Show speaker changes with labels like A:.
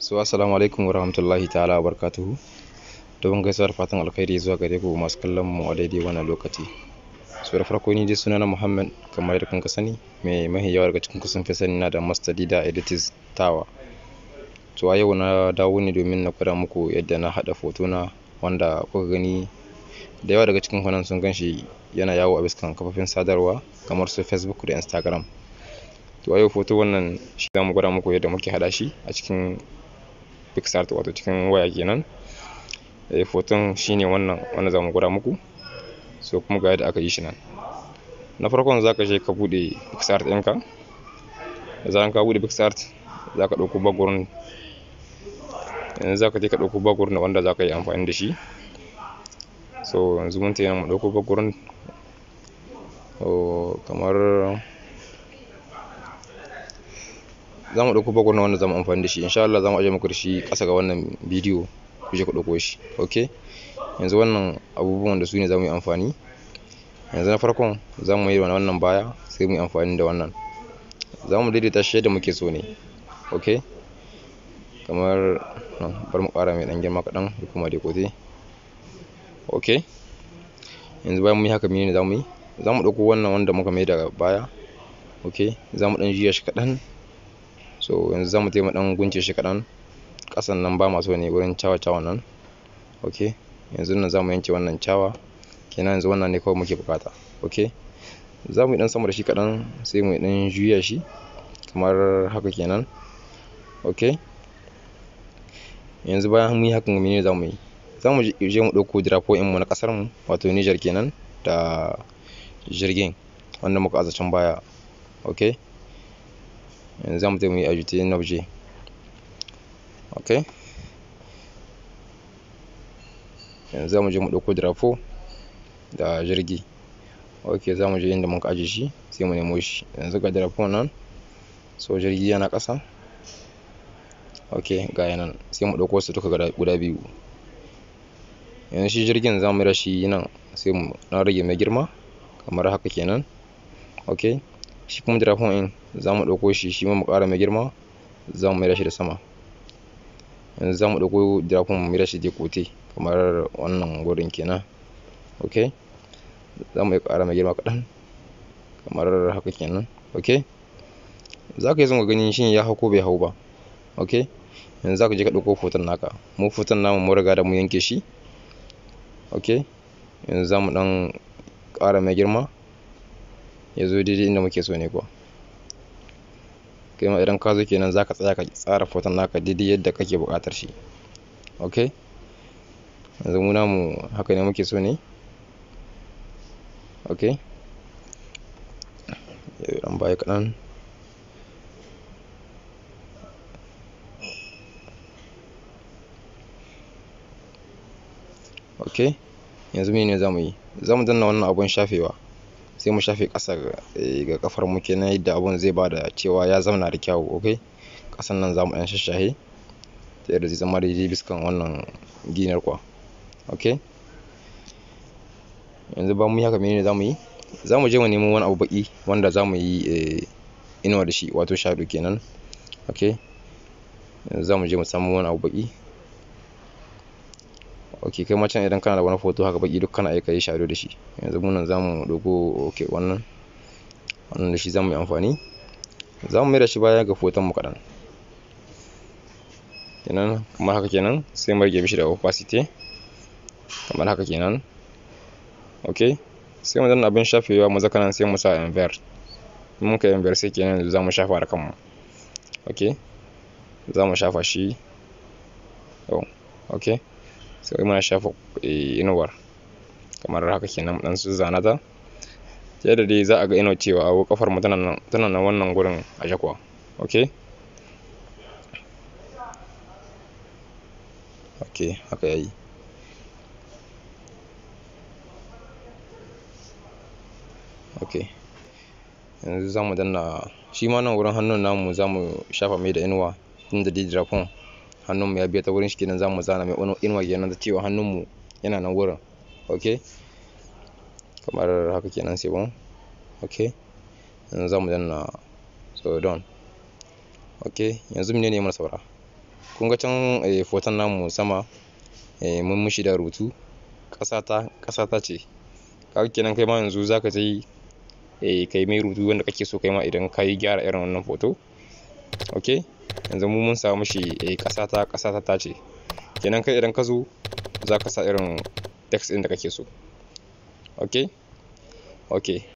A: so assalamu alaikum wa rahmatullahi ta'ala wa barakatuhu gaisa gaisuwar fatan alkhairi zuwa gare ku masu kallon mu a daidai wannan lokaci so da farko ni dai sunana muhammad kamar yadda kun sani mai mahi yawa daga cikin kusan fi sani na da master da Editis tawa to a yau na dawo ne domin na kwada muku yadda na haɗa foto na wanda kuka gani da yawa daga cikin kwanan sun gan shi yana yawo a biskan kafafen sadarwa kamar su facebook da instagram to a yau foto wannan shi za mu gwada muku yadda muke hada shi a cikin Pixart wato cikin waya kenan eh hoton shine wannan wanda zamu gura muku so kuma ga yadda aka yi shi nan na farkon za ka je ka bude Pixart ɗinka da ka bude Pixart zaka za ka ɗauko bagurin yanzu za ka je ka ɗauko bagurin wanda za ka yi amfani da shi so yanzu mun tayi mu ɗauko bagurin oh, kamar za mu ɗauko bagwar na wanda za mu amfani da shi insha Allah za mu aje muku da shi ƙasa ga wannan bidiyo ku je ku ɗauko shi ok yanzu wannan abubuwan da su ne za mu yi amfani yanzu na farkon za mu yi wannan baya sai mu yi amfani da wannan za mu daidaita shi yadda muke so ne ok kamar bar mu ƙara mai ɗan girma kaɗan da kuma kote ok yanzu bayan mu yi haka mene ne za mu yi za mu ɗauko wannan wanda muka mai da baya ok za mu ɗan jiya shi kaɗan so yanzu za mu taimaka ɗan gunce shi kaɗan ƙasan nan ba maso ne wurin cawa cawa nan ok yanzu nan za mu yanke wannan cawa kenan yanzu wannan ne kawai muke bukata ok za mu yi ɗan sama da shi kaɗan sai mu yi ɗan juya shi kamar haka kenan ok yanzu bayan mun yi hakan mene za mu yi za mu je mu ɗauko drapo mu na ƙasar mu wato Niger kenan da jirgin wanda muka aza can baya okay yanzu za mu ta yi ajouter un objet ok yanzu za mu je mu ɗauko drapo da jirgi ok za mu je inda ka aje shi sai mu nemo shi yanzu ga drapo nan so jirgi yana ƙasa ok ga nan sai mu ɗauko su duka guda biyu yanzu shi jirgin za mu rashi nan sai mu na rage mai girma kamar haka kenan ok shi kuma dira in za mu ɗauko shi shi mu ƙara mai girma za mu maida shi da sama yanzu za mu ɗauko dira mu maida shi da kote kamar wannan gurin kenan ok za mu ƙara mai girma kaɗan kamar haka kenan ok za ka yi zunga gani shi ya hau ko bai hau ba ok yanzu za ka je ka ɗauko hoton naka mu hoton namu mu riga da mu yanke shi ok yanzu za mu ɗan ƙara mai girma ya zo daidai inda muke so ne kuwa kai ma idan ka zo kenan za ka tsaya ka tsara foton naka daidai yadda kake buƙatar shi ok yanzu mu namu haka ne muke so ne ok ɗan baya kaɗan ok yanzu mene za mu yi za mu danna wannan abun shafewa sai mu shafe ƙasa eh, ga kafar mu kenan yadda abun zai ba da cewa ya zama da kyawu ok ƙasan nan za mu ɗan shashahe ta yadda zai zama yi biskan wannan ginar kwa ok yanzu ba mu yi haka ne za mu yi za mu je mu nemo wani abu baki wanda za mu yi eh, inuwa da shi wato shaɗu kenan ok yanzu za mu je mu samu wani abu baki ok kai ma can idan kana da wani foto haka baki duk kana aika yi shado da shi yanzu munan za mu dogo ok wannan wannan da shi za mu yi amfani za mu mai da shi baya ga foton mu kaɗan kenan kamar haka kenan sai mu rage mishi da opacity kamar haka kenan ok sai mu danna abin shafewa mu zaka nan sai mu sa invert mun ka invert sai kenan za mu shafa da kanmu ok za mu shafa shi oh. ok sai muna shafa eh, inuwar kamar haka kenan dan su zana ta sai da dai za a ga inuwar cewa a kafar mu tana nan wannan gurin a jakwa ok ok haka yayi ok yanzu za mu danna shi ma nan wurin hannun namu za mu shafa mai da inuwa inda dai drapon hannunmu ya biya ta wurin shi kenan za mu zana mai inuwa kenan ta cewa hannunmu yana nan wurin ok kamar haka kenan sai bon ok yanzu za mu danna so don ok yanzu mu ne mana saura kun ga can eh, foton namu sama eh, mun mushi da rubutu ƙasa ta ce kaga kenan kai ma yanzu zaka ta yi eh, kai mai rubutu wanda kake so kai ma idan ka yi gyara irin wannan foto ok yanzu mu mun samu shi eh kasa ta kasa ta tace kenan kai idan ka zo za ka sa irin text ɗin da kake so okay okay